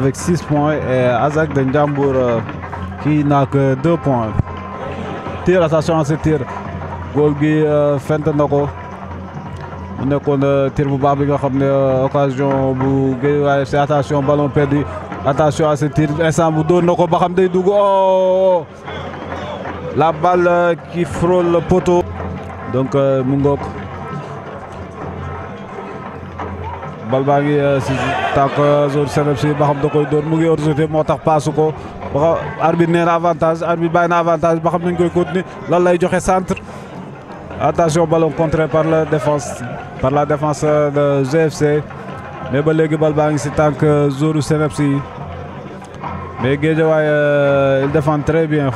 avec 6 points et Azak Denjambour euh, qui n'a que 2 points. Tir, attention à ce tir. Golgi bi euh, fente On mu euh, tir de baax qui a occasion bu c'est attention ballon perdu attention à ce tir instant bu dóor oh, oh, oh. la balle qui frôle le poteau donc Mungok bal euh, si tànk euh, zone Seneb si ba xam da koy doon mu ngi rejeté moo ba arbitre avantage arbitre bayna avantage ba xam nañ koy continuer lan lay joxe centre attention ballon contré par la défense par la défense euh, de GFC mais ba bal si tànk zone Seneb mais Guédiawaye il défend très bien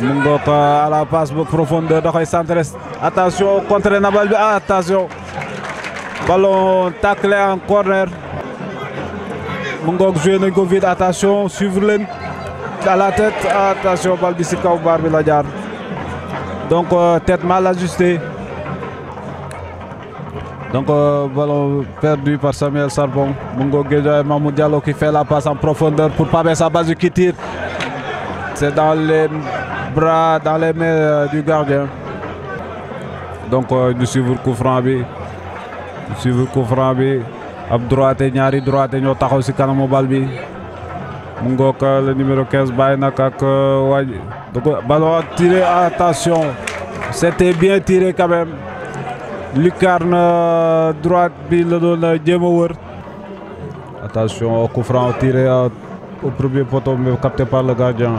mu à la passe ba profonde da koy attention contré Nabal ah, attention ballon taclé en corner Mungo joue joué attention suivre le à la tête attention Ballon de barbi Barbe, la donc euh, tête mal ajustée donc euh, ballon perdu par Samuel Sarbon Mungo Gedja et Diallo qui fait la passe en profondeur pour sa base qui tire c'est dans les bras dans les mains euh, du gardien donc suivons suivre coup franc suivre coup franc bi ab droite ñaari droite ñoo taxaw si kanamu bal bi mu balbi. Euh, le numéro 15 il nag ak euh, waaj ballon tiré attention c'était bien tiré quand même lucarne euh, droite bi la doon jéem wër attention coup franc tiré au premier poteau mais capté par le gardien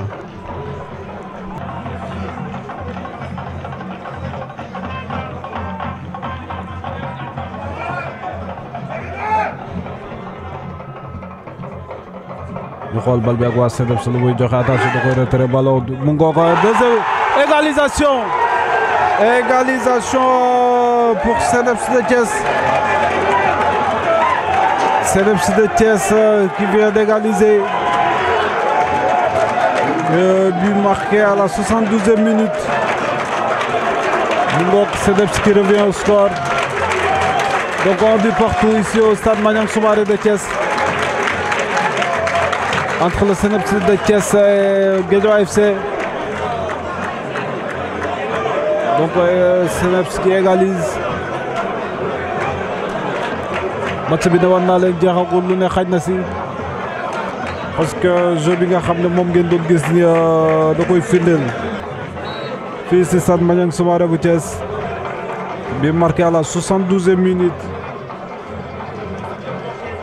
ñu xool bal bi ak waa Seneb joxe attention de koy retiré ballon deuxième égalisation égalisation pour Sedeps de Thiès Sedeps de Thiès euh, qui vient d'égaliser le euh, but marqué à la 72e minute mu ngoog qui revient au score donc on dit partout ici au stade Maniang Soumaré de Thiès entre le de et et Gedo FC. Donc le euh, qui égalise. match bi parce que je bi nga ne ngeen doon gis ni euh, da koy marqué à la 72 e minute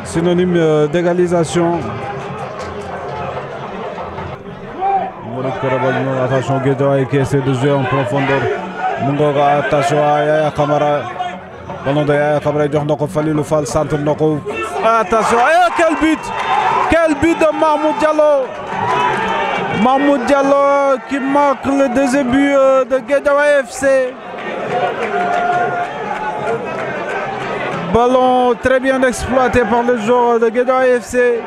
synonyme euh, d'égalisation attention Guédiawaye qui essaie de jouer en profondeur Mungoga attention à Yaya Kamara ballon de Yaya Kamara Fall centre attention ah, et eh, quel but quel but de Mahmoud Diallo Mahmoud Diallo qui marque le deuxième but euh, de Guédiawaye FC ballon très bien exploité par le joueur de Guédiawaye FC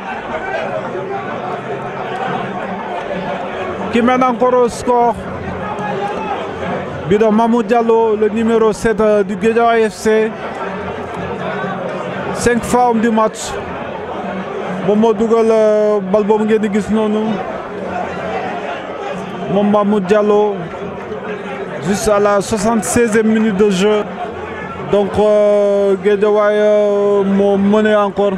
qui mène encore au score. Bidon Mamoud Diallo, le numéro 7 euh, du Guédia FC. 5 formes du match. Bon mot de ngeen di Diallo juste à la 76 e minute de jeu donc euh, Guédiawaye euh, mon mené encore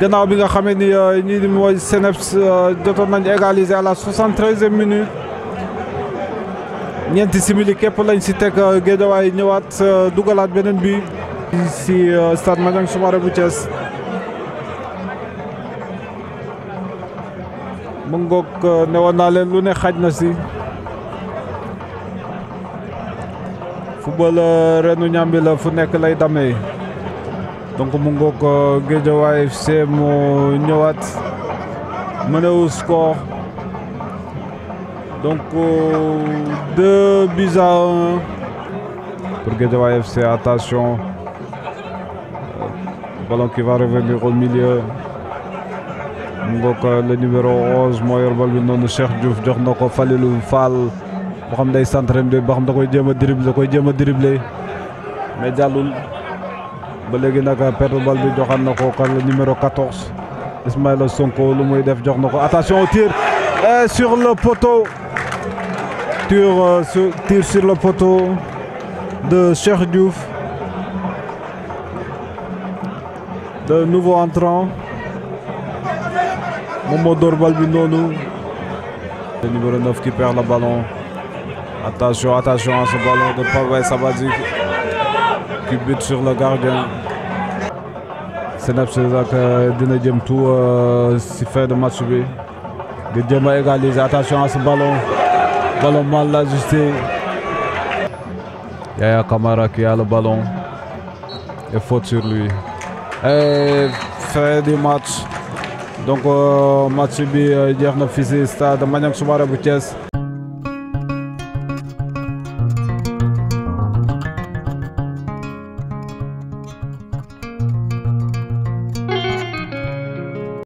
gannaaw bi nga xamee ni euh, ñii di mooy CNEPS euh, jotoon nañ égaliser à la soixante-treizième minute ñeenti simili képp lañ si teg euh, Guédiawaye ñëwaat dugalaat beneen bi si stade Maniang Soumaré bu Thiès mu ngoog ne woon naa leen lu ne xaj na si football renu ñambi la fu nekk lay damee donc euh, mon ngoog FC mo ñëwaat score donc euh, deux buts à pour FC attention euh, ballon qui va revenir au milieu donc le numéro 11 moo va bi Cheikh Diouf jox nako Fall bo xam day centre bi bo xam da koy koy mais ba euh, perd bal bi joxan nako le numéro 14 Ismaël Sonko lu muy def attention au tir euh, sur le poteau euh, tir sur le poteau de Cheikh Diouf de nouveau entrant MOMODOR BALBINONU. le numéro 9 qui perd le ballon attention attention à ce ballon de Pavay Sabazi qui bute sur le gardien. C'est César dina jëm tout euh, si fait de match bi a égalisé. attention à ce ballon ballon mal ajusté. Yaya Kamara qui a le ballon et faute sur lui. Fait fait du match donc euh, match bi euh, jeex na stade Maniang Soumaré bu